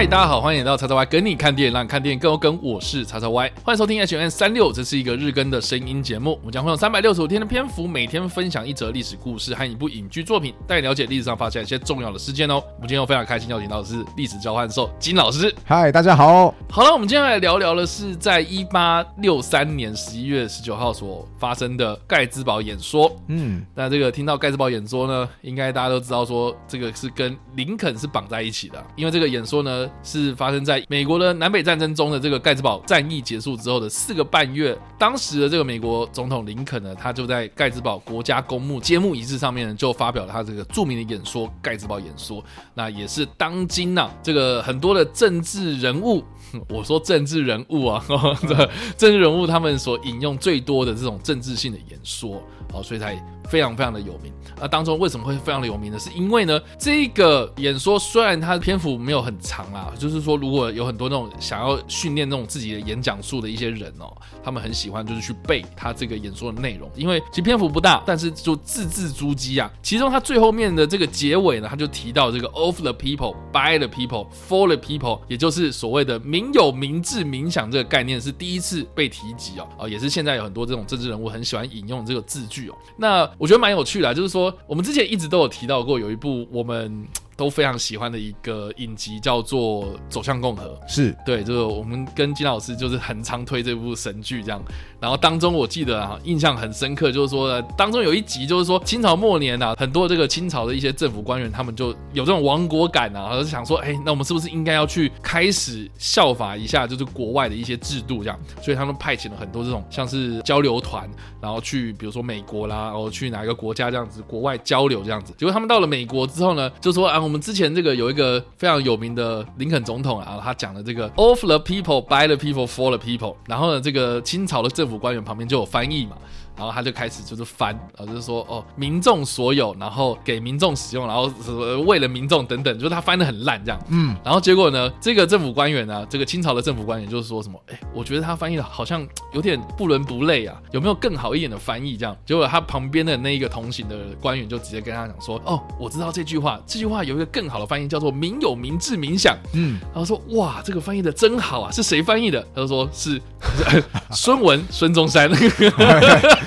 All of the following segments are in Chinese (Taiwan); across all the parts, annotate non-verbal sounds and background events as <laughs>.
嗨，Hi, 大家好，歡迎來到 XXY 跟你看電影，讓你看電影更有梗，我是 XXY，歡迎收聽 H&M 365, 這是一個日更的聲音節目。我們將會用三百六十五天的篇幅，每天分享一則歷史故事和一部影劇作品，帶你了解歷史上發生一些重要的事件哦。我們今天又非常開心要請到的是歷史交換獸金老師。嗨，大家好。好了，我們今天來聊聊的是在一八六三年十一月十九號所發生的蓋茲堡演說。嗯，那這個聽到蓋茲堡演說呢，應該大家都知道說這個是跟林肯是綁在一起的，因為這個演說呢。是發生在美國的南北戰爭中的這個蓋茨堡戰役結束之後的四個半月，當時的這個美國總統林肯呢，他就在蓋茨堡國家公墓揭幕儀式上面呢，就發表了他這個著名的演說《蓋茨堡演說》，那也是當今吶、啊，這個很多的政治人物。我說政治人物啊， <laughs> 政治人物他們所引用最多的這種政治性的演說啊，所以才非常非常的有名啊。當中為什麼會非常的有名呢？是因為呢，這個演說雖然它的篇幅沒有很長啦，就是說，如果有很多那種想要訓練那種自己的演講術的一些人哦，他們很喜歡就是去背他這個演說的內容，因為其實篇幅不大，但是就字字珠璣啊。其中他最後面的這個結尾呢，他就提到這個 “of the people, by the people, for the people”，也就是所謂的“民”。民有民治民享”這個概念是第一次被提及哦，啊，也是現在有很多這種政治人物很喜歡引用這個字句哦。那我覺得蠻有趣的，啊，就是說我們之前一直都有提到過有一部我們都非常喜歡的一個影集，叫做《走向共和》，是對，就是我們跟金老師就是很常推這部神劇這樣。然後當中我記得啊，印象很深刻，就是說呢當中有一集，就是說清朝末年啊，很多這個清朝的一些政府官員，他們就有這種亡國感啊，然後就想說，哎，那我們是不是應該要去開始效法一下，就是國外的一些制度這樣？所以他們派遣了很多這種像是交流團，然後去比如說美國啦、啊，然後去哪一個國家這樣子，國外交流這樣子。結果他們到了美國之後呢，就說啊，我們之前這個有一個非常有名的林肯總統啊，他講的這個 “of the people, by the people, for the people”，然後呢，這個清朝的政府。府官員旁邊就有翻譯嘛。然後他就開始就是翻，然後就是說哦，民眾所有，然後給民眾使用，然後、呃、為了民眾等等，就是他翻的很爛這樣。嗯。然後結果呢，這個政府官員呢、啊，這個清朝的政府官員就是說什麼？哎，我覺得他翻譯的好像有點不倫不類啊，有沒有更好一點的翻譯這樣？結果他旁邊的那一個同行的官員就直接跟他講說，哦，我知道這句話，這句話有一個更好的翻譯叫做“民有、民治、民享”。嗯。然後說哇，這個翻譯的真好啊，是誰翻譯的？他就說是，是、哎、孫文、 <laughs> 孫中山。 <laughs>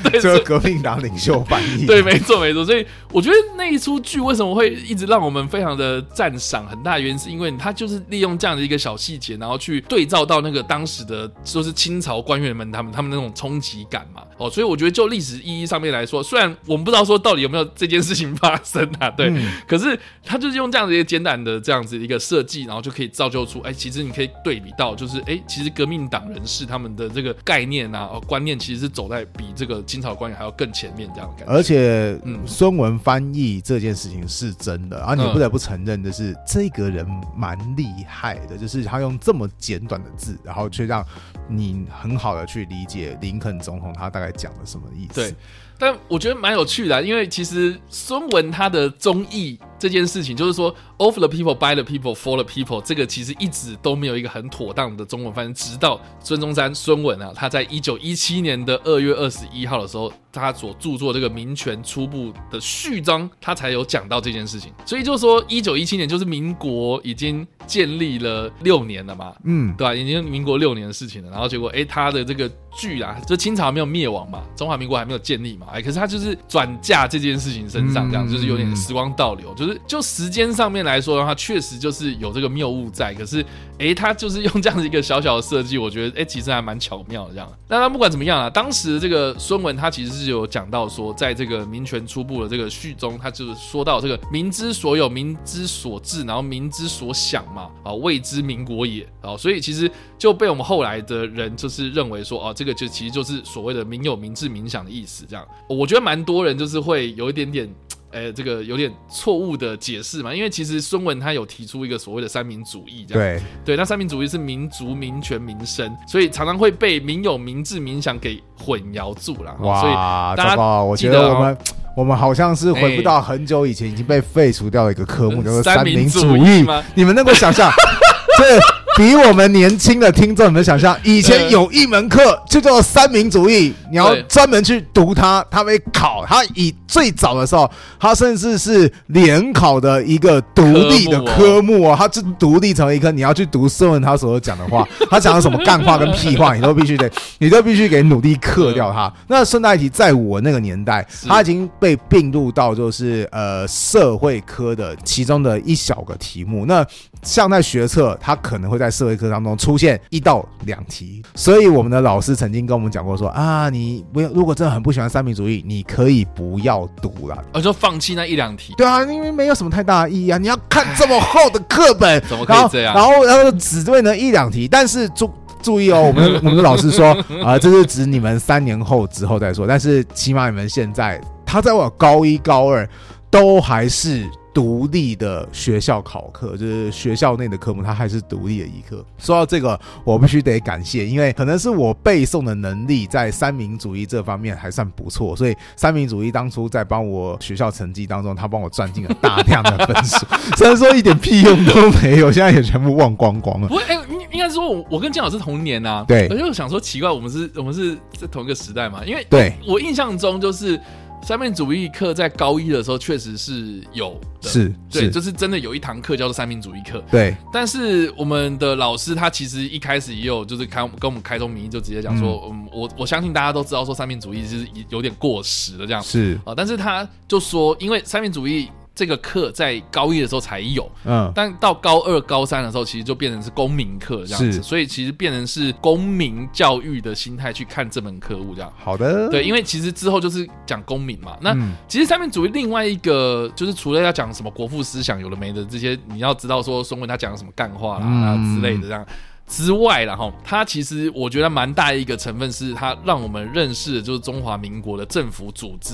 這是革命黨領袖反應。對，沒錯沒錯，所以我覺得那一出劇為什麼會一直讓我們非常的讚賞，很大的原因是因為他就是利用這樣的一個小細節，然後去對照到那個當時的，就是清朝官員們他們他們那種衝擊感嘛。哦，所以我覺得就歷史意義上面來說，雖然我們不知道說到底有沒有這件事情發生啊，對，嗯、可是他就是用這樣子一個簡單的這樣子一個設計，然後就可以造就出，哎、欸，其實你可以對比到，就是哎、欸，其實革命黨人士他們的這個概念啊，哦，觀念其實是走在比這個。清朝官員還要更前面這樣，感覺，而且嗯、孫文翻譯這件事情是真的，而你不得不承認的是，嗯、這個人蠻厲害的，就是他用這麼簡短的字，然後去讓你很好的去理解林肯總統他大概講了什麼意思。但我覺得蠻有趣的啊，因為其實孫文他的綜藝這件事情，就是說 All“of the people, by the people, for the people” 這個其實一直都沒有一個很妥當的中文翻譯，直到孫中山孫文啊，他在一九一七年的二月二十一號的時候，他所著作這個《民權初步》的序章，他才有講到這件事情。所以就是說，一九一七年就是民國已經建立了六年了嘛，嗯，對吧？已經民國六年的事情了。然後結果，哎，他的這個劇啊，就清朝還沒有滅亡嘛，中華民國還沒有建立嘛。哎，可是他就是轉嫁這件事情身上，這樣就是有點時光倒流，就是就時間上面來說的話，確實就是有這個謬誤在。可是，哎，他就是用這樣的一個小小的設計，我覺得，哎，其實還蠻巧妙的。這樣，那他不管怎麼樣啊，當時這個孫文他其實是。是有講到說，在這個《民權初步》的這個序中，他就說到這個“民之所有、民之所治、然後民之所想”嘛，啊，謂之民國也。啊，所以其實就被我們後來的人就是認為說，啊，這個就其實就是所謂的“民有、民治、民享”的意思。這樣，我覺得蠻多人就是會有一點點。呃，這個有點錯誤的解釋嘛，因為其實孫文他有提出一個所謂的三民主義，這樣對對，那三民主義是民族、民權、民生，所以常常會被民有、民治、民享給混淆住了。哇，所以大家，我覺得我們、哦、我們好像是回不到很久以前已經被廢除掉一個科目，哎、叫做三民主義,三民主義嗎？你們能夠想象？這對。是 <laughs> 比我們年輕的聽眾們想象，以前有一門課就叫三民主義，你要專門去讀它，它會考。它以最早的時候，它甚至是聯考的一個獨立的科目啊，它就獨立成一科。你要去讀孫文他所講的話，他講的什麼幹話跟屁話，你都必須得，你都必須給努力克掉它。那順帶一提在我那個年代，它已經被併入到就是呃社會科的其中的一小個題目。那像在學測，他可能會在社會科當中出現一到兩題，所以我們的老師曾經跟我們講過說，說啊，你不要如果真的很不喜歡三民主義，你可以不要讀了，我說、哦、放棄那一兩題。對啊，因為沒有什麼太大意義啊，你要看這麼厚的課本，唉後怎麼可以這樣？然後然後，然後只對那一兩題，但是注注意哦，我們的我們的老師說啊、 <laughs> 呃，這是指你們三年後之後再說，但是起碼你們現在，他在我高一高二。都還是獨立的學校考課，就是學校內的科目，它還是獨立的一科。說到這個，我必須得感謝，因為可能是我背誦的能力在三民主義這方面還算不錯，所以三民主義當初在幫我學校成績當中，他幫我賺進了大量的分數。 <laughs> 雖然說一點屁用都沒有， <laughs> 現在也全部忘光光了。不，哎、欸，應該是說我，我跟金老師同年啊。對，我就想說，奇怪，我們是，我們是是同一個時代嘛？因為對我印象中就是。三民主義課在高一的時候確實是有的是，是對，就是真的有一堂課叫做三民主義課。對，但是我們的老師他其實一開始也有就是開跟我們開宗明義就直接講說，嗯，嗯，我我相信大家都知道說三民主義就是有點過時了這樣子，是啊，但是他就說因為三民主義。這個課在高一的時候才有，嗯，但到高二、高三的時候，其實就變成是公民課這樣子，是所以其實變成是公民教育的心態去看這門科目這樣。好的，對，因為其實之後就是講公民嘛。嗯、那其實三民主義另外一個就是除了要講什麼國父思想有的沒的這些，你要知道說孫文他講什麼幹話啦、啊嗯啊、之類的這樣之外啦，然後他其實我覺得蠻大的一個成分是他讓我們認識的就是中華民國的政府組織。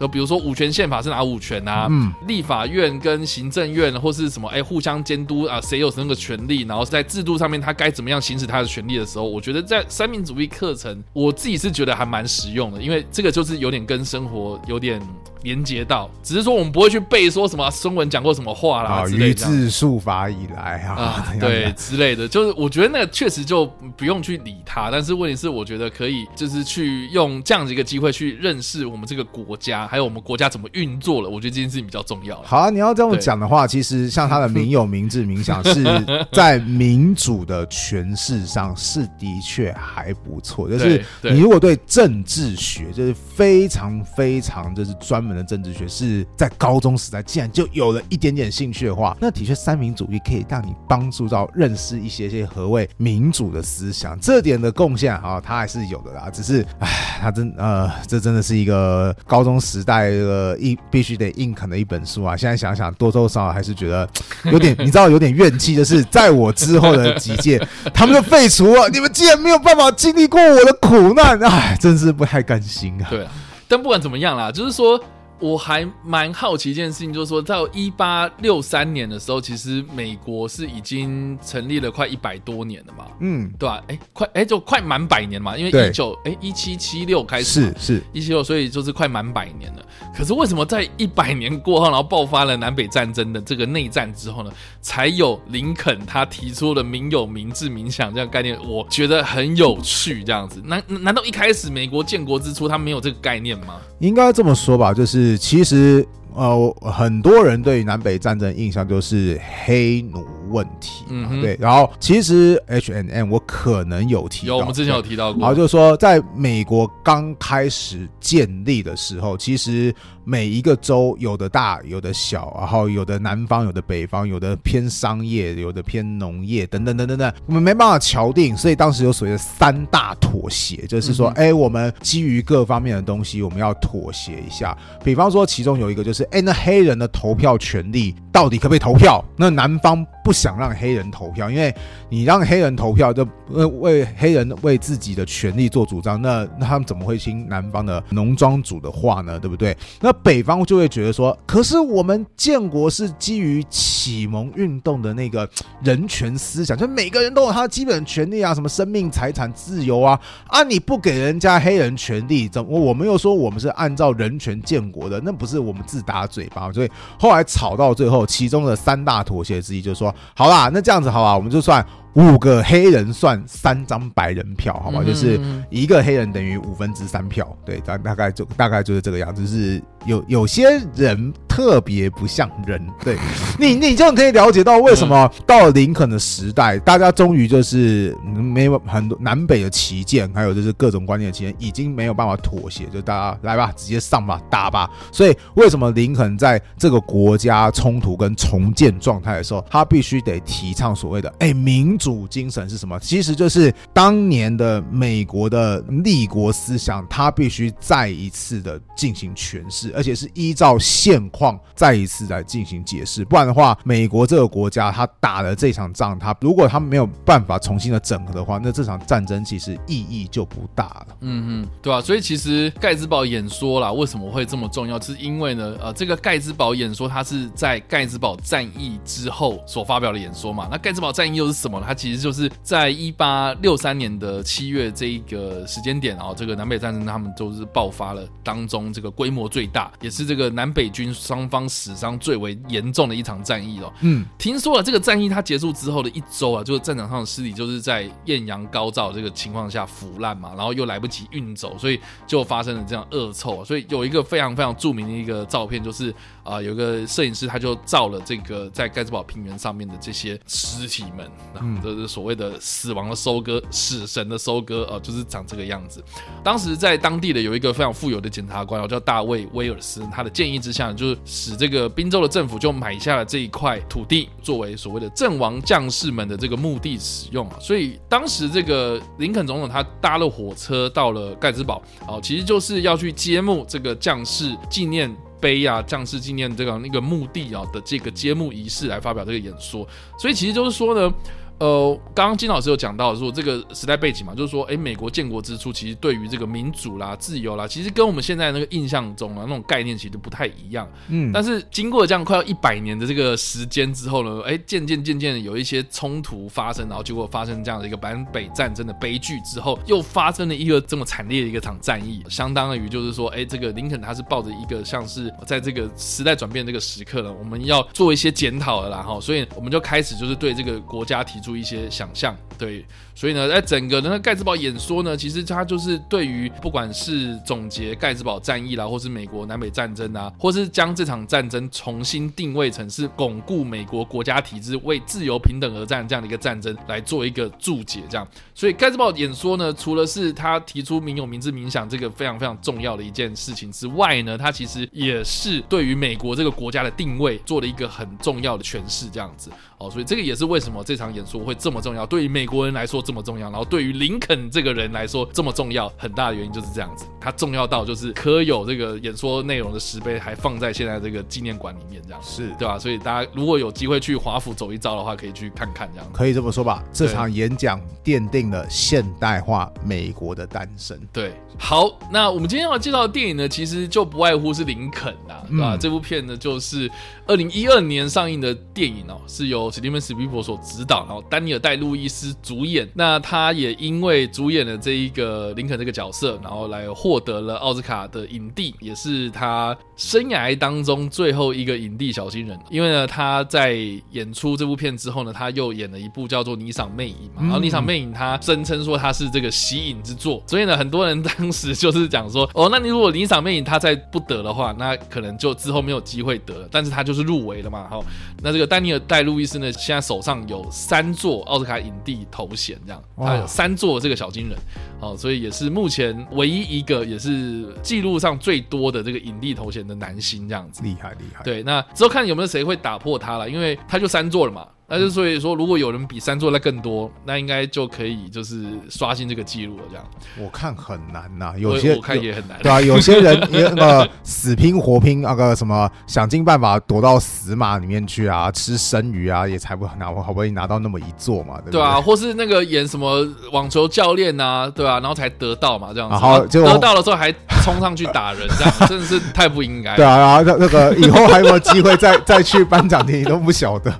就比如說五權憲法是哪五權啊？嗯，立法院跟行政院或是什麼？哎，互相監督啊，誰有那個權利，然後在制度上面，他該怎麼樣行使他的權利的時候，我覺得在三民主義課程，我自己是覺得還蠻實用的，因為這個就是有點跟生活有點。連接到，只是說我們不會去背說什麼孫文講過什麼話啦啊，於治術法以來啊，啊怎樣 對怎樣 之類的， <laughs> 就是我覺得那個確實就不用去理他。但是問題是，我覺得可以就是去用這樣子一個機會去認識我們這個國家，還有我們國家怎麼運作了。我覺得這件事情比較重要。好啊，你要這樣講的話，對其實像他的民有、民治、民享是在民主的詮釋上是的確還不錯。 <laughs> 就是你如果對政治學就是非常非常就是專門。政治學是在高中時代，既然就有了一點點興趣的話，那的確三民主義可以讓你幫助到認識一些些何謂民主的思想，這點的貢獻啊，它還是有的啦。只是唉，它真呃，這真的是一個高中時代的一必須得硬啃的一本書啊。現在想想多多少少還是覺得有點，你知道有點怨氣，就是在我之後的幾屆， <laughs> 他們就廢除了，你們竟然沒有辦法經歷過我的苦難，唉，真是不太甘心啊。對，但不管怎麼樣啦，就是說。我還蠻好奇一件事情，就是說到一八六三年的時候，其實美國是已經成立了快一百多年了嘛，嗯、啊，嗯，對吧？哎，快，哎、欸，就快滿百年嘛，因為一九對、欸，哎，一七七六開始是，是是一七六，6，所以就是快滿百年了。可是為什麼在一百年過後，然後爆發了南北戰爭的這個內戰之後呢，才有林肯他提出了民有、民治、民享這樣的概念？我覺得很有趣，這樣子。難難道一開始美國建國之初他沒有這個概念嗎？應該這麼說吧，就是。其實，呃，很多人對於南北戰爭印象就是黑奴。問題、嗯、哼對，然後其實 H&M 我可能有提到，我們之前有提到過，然後就是說，在美國剛開始建立的時候，其實每一個州有的大，有的小，然後有的南方，有的北方，有的偏商業，有的偏農業，等等等等等等，我們沒辦法敲定，所以當時有所謂的三大妥協，就是說，哎，我們基於各方面的東西，我們要妥協一下，比方說，其中有一個就是，哎，那黑人的投票權利到底可不可以投票？那南方。不想讓黑人投票，因為你讓黑人投票，就為黑人為自己的權利做主張。那那他們怎麼會聽南方的農莊主的話呢？對不對？那北方就會覺得說，可是我們建國是基於啟蒙運動的那個人權思想，就每個人都有他的基本權利啊，什麼生命、財產、自由啊啊！你不給人家黑人權利，怎麼？我們又說我們是按照人權建國的，那不是我們自打嘴巴？所以後來吵到最後，其中的三大妥協之一就是說。好啦，那這樣子好吧，我們就算五個黑人算三張白人票，好吧，就是一個黑人等於五分之三票。對，大大概就大概就是這個樣子，是有有些人特別不像人。對，你你這樣可以了解到，為什麼到了林肯的時代，大家終於就是沒有很多南北的歧見，還有就是各種觀念的歧見已經沒有辦法妥協，就大家來吧，直接上吧，打吧。所以為什麼林肯在這個國家衝突跟重建狀態的時候，他必須得提倡所謂的哎、欸、民主。主精神是什麼？其實就是當年的美國的立國思想，他必須再一次的進行詮釋，而且是依照現況再一次來進行解釋。不然的話，美國這個國家他打了這場仗，他如果他沒有辦法重新的整合的話，那這場戰爭其實意義就不大了。嗯嗯，對吧、啊？所以其實蓋茨堡演說啦，為什麼會這麼重要？就是因為呢，呃，這個蓋茨堡演說它是在蓋茨堡戰役之後所發表的演說嘛。那蓋茨堡戰役又是什麼呢？其實就是在一八六三年的七月這一個時間點哦、喔，這個南北戰爭他們都是爆發了，當中這個規模最大，也是這個南北軍雙方死傷最為嚴重的一場戰役哦。嗯，聽說了、啊、這個戰役，它結束之後的一周啊，就是戰場上的屍體就是在豔陽高照這個情況下腐爛嘛，然後又來不及運走，所以就發生了這樣惡臭、啊。所以有一個非常非常著名的一個照片就是。啊、呃，有個攝影師，他就照了這個在蓋茨堡平原上面的這些屍體們，嗯、啊，這、就是所謂的死亡的收割、死神的收割，啊、呃，就是長這個樣子。當時在當地的有一個非常富有的檢察官，叫大衛·威爾斯，他的建議之下，就是使這個賓州的政府就買下了這一塊土地，作為所謂的陣亡將士們的這個墓地使用。所以當時這個林肯總統他搭了火車到了蓋茨堡，啊、呃，其實就是要去揭幕這個將士紀念碑呀，將士紀念這個那個墓地啊的這個揭幕儀式來發表這個演說，所以其實就是說呢。呃，剛剛金老師有講到說這個時代背景嘛，就是說，哎，美國建國之初，其實對於這個民主啦、自由啦，其實跟我們現在那個印象中啊那種概念其實不太一樣。嗯，但是經過了這樣快要一百年的這個時間之後呢，哎，漸漸漸漸有一些衝突發生，然後結果發生這樣的一個南北戰爭的悲劇之後，又發生了一個這麼慘烈的一個場戰役，相當於就是說，哎，這個林肯他是抱着一個像是在這個時代轉變這個時刻了，我們要做一些檢討了啦，然後，所以我們就開始就是對這個國家提。出一些想象。對，所以呢，在整個那個、蓋茨堡演說呢，其實他就是對於不管是總結蓋茨堡戰役啦，或是美國南北戰爭啊，或是將這場戰爭重新定位成是鞏固美國國家體制、為自由平等而戰這樣的一個戰爭來做一個注解，這樣。所以蓋茨堡演說呢，除了是他提出民有、民治、民享這個非常非常重要的一件事情之外呢，他其實也是對於美國這個國家的定位做了一個很重要的詮釋，這樣子。哦，所以這個也是為什麼這場演說會這麼重要，對於美國。國人來說這麼重要，然後對於林肯這個人來說這麼重要，很大的原因就是這樣子，他重要到就是可有這個演說內容的石碑還放在現在這個紀念館裡面，這樣是對吧？所以大家如果有機會去華府走一遭的話，可以去看看這樣，可以這麼說吧？對這場演講奠定了現代化美國的誕生。對，好，那我們今天要介紹的電影呢，其實就不外乎是林肯啦、啊，嗯、對吧？這部片呢，就是二零一二年上映的電影哦，是由史蒂芬·史匹柏所執導，然後丹尼爾·戴·路易斯。主演，那他也因為主演了這一個林肯這個角色，然後來獲得了奧斯卡的影帝，也是他。生涯當中最後一個影帝小金人，因為呢，他在演出這部片之後呢，他又演了一部叫做《霓裳魅影》嘛，然後《霓裳魅影》他聲稱說他是這個息影之作，所以呢，很多人當時就是講說，哦，那你如果《霓裳魅影》他再不得的話，那可能就之後沒有機會得了，但是他就是入圍了嘛，哈，那這個丹尼爾戴路易斯呢，現在手上有三座奧斯卡影帝頭銜，這樣，他有三座這個小金人，哦，所以也是目前唯一一個，也是記錄上最多的這個影帝頭銜。的男星這樣子厲害厲害，對，那之後看有沒有誰會打破他了，因為他就三座了嘛。但是，所以說，如果有人比三座那更多，那應該就可以就是刷新這個記錄了。這樣我看很難吶、啊，有些有我看也很難，對啊，有些人也那個死拼活拼，那、 <laughs> 啊、個什麼想盡辦法躲到死馬裡面去啊，吃生魚啊，也才不拿，我好不容易拿到那麼一座嘛。對，對，對啊，或是那個演什麼網球教練啊，對吧、啊？然後才得到嘛，這樣，然後得到了之後還衝上去打人， <laughs> 這樣子真的是太不應該。對啊，然後那個以後還有沒有機會再 <laughs> 再去頒獎典禮都不曉得。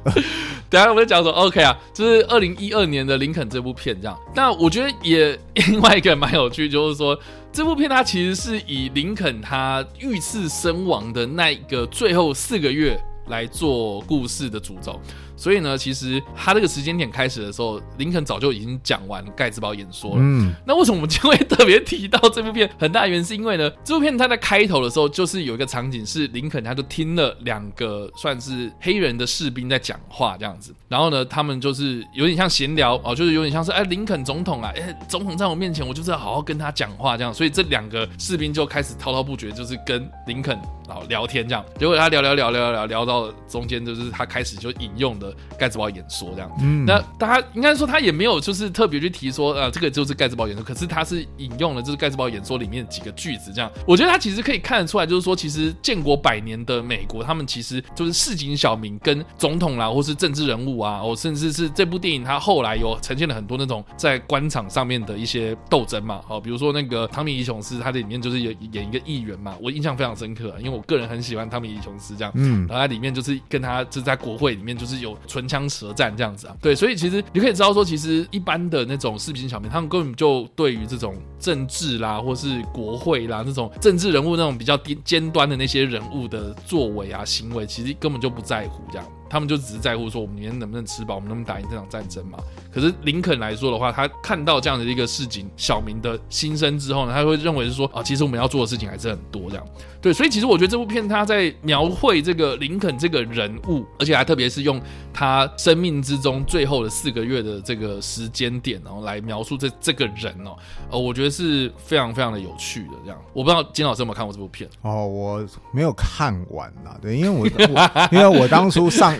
等一下，我們就講說，OK 啊，就是二零一二年的《林肯》這部片這樣。那我覺得也另外一個蠻有趣，就是說這部片它其實是以林肯他遇刺身亡的那一個最後四個月來做故事的主軸。所以呢，其實他這個時間點開始的時候，林肯早就已經講完蓋茨堡演說了。嗯，那為什麼我們就會特別提到這部片？很大原因是因為呢，這部片他在開頭的時候就是有一個場景是林肯，他就聽了兩個算是黑人的士兵在講話這樣子。然後呢，他們就是有點像閒聊哦，就是有點像是哎，林肯總統啊，哎，總統在我面前，我就是要好好跟他講話這樣。所以這兩個士兵就開始滔滔不絕，就是跟林肯聊天這樣。結果他聊聊聊聊聊聊到中間，就是他開始就引用的蓋茨堡演說這樣，嗯、那他應該說他也沒有就是特別去提說呃、啊，這個就是蓋茨堡演說，可是他是引用了就是蓋茨堡演說裡面幾個句子這樣，我覺得他其實可以看得出來，就是說其實建國百年的美國，他們其實就是市井小民跟總統啦、啊，或是政治人物啊，哦甚至是這部電影他後來有呈現了很多那種在官場上面的一些鬥爭嘛，哦比如說那個湯米·李瓊斯，他的裡面就是演演一個議員嘛，我印象非常深刻、啊，因為我個人很喜歡湯米·李瓊斯這樣，嗯，然後他裡面就是跟他就在國會裡面就是有。唇槍舌戰這樣子啊，對，所以其實你可以知道說，其實一般的那種市井小民，他們根本就對於這種政治啦，或是國會啦，那種政治人物那種比較尖尖端的那些人物的作為啊、行為，其實根本就不在乎這樣。他們就只是在乎說，我們明天能不能吃飽，我們能不能打贏這場戰爭嘛？可是林肯來說的話，他看到這樣的一個事情，小民的心聲之後呢，他會認為是說啊，其實我們要做的事情還是很多這樣。對，所以其實我覺得這部片他在描繪這個林肯這個人物，而且還特別是用他生命之中最後的四個月的這個時間點，哦，然後來描述這這個人哦，呃，我覺得是非常非常的有趣的這樣。我不知道金老師有沒有看過這部片？哦，我沒有看完吶、啊，對，因為我，我 <laughs> 因為我當初上。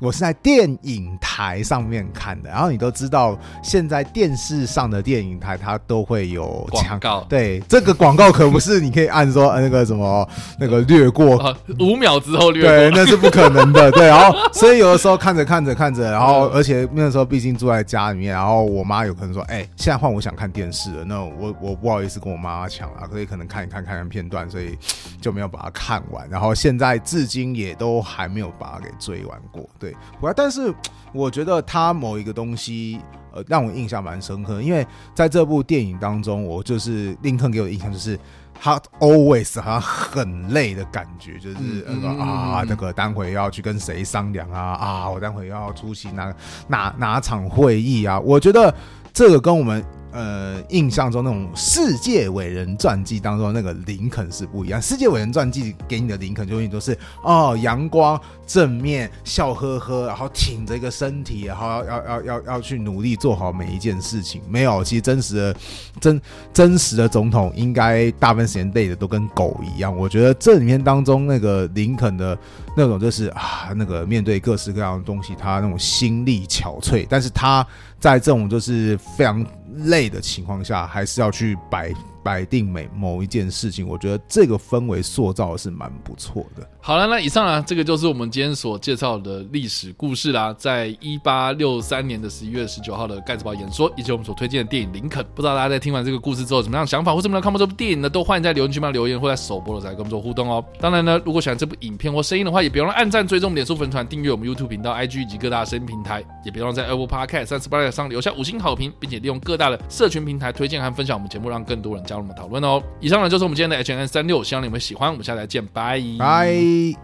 我是在電影台上面看的，然後你都知道，現在電視上的電影台它都會有廣告，對，這個廣告可不是你可以按說那個什麼那個略過，五秒之後略過，對，那是不可能的，對。然後，所以有的時候看着看着看着，然後而且那時候畢竟住在家裡面，然後我媽有可能說，哎，現在換我想看電視了，那我我不好意思跟我媽媽搶了，所以可能看一看看看看片段，所以就沒有把它看完，然後現在至今也都還沒有把它給追完過，對。不，但是我覺得他某一個東西，呃，讓我印象蠻深刻。因為在這部電影當中，我就是林肯給我的印象就是他 always 他很累的感覺，就是那個、嗯嗯、啊，那個待會要去跟誰商量啊，啊，我待會要出席哪哪哪場會議啊。我覺得這個跟我們。呃，印象中那種世界偉人傳記當中那個林肯是不一樣。世界偉人傳記給你的林肯，就永遠都是哦陽光正面笑呵呵，然後挺着一個身體，然後要要要要要去努力做好每一件事情。沒有，其實真實的真真實的總統應該大部分時間累的都跟狗一樣。我覺得這裡面當中那個林肯的。那種就是啊，那個面對各式各樣的東西，他那種心力憔悴，但是他在這種就是非常累的情況下，還是要去擺。擺定美某一件事情，我覺得這個氛圍塑造的是蠻不錯的。好了，那以上呢，這個就是我們今天所介紹的歷史故事啦。在一八六三年的十一月十九號的蓋茨堡演說，以及我們所推薦的電影《林肯》，不知道大家在聽完這個故事之後，有什麼樣的想法，或是沒有看過這部電影呢？都歡迎在留言區幫留言，或在首播的時候才跟我們做互動哦。當然呢，如果喜歡這部影片或聲音的話，也別忘了按讚、追蹤、臉書粉專、訂閱我們 YouTube 頻道、IG 以及各大聲音平台，也別忘了在 Apple Podcast 上留下五星好評，並且利用各大的社群平台推薦和分享我們節目，讓更多人。加入我們討論哦！以上呢，就是我們今天的 H&M 365，希望你們喜歡。我們下次再見，拜拜。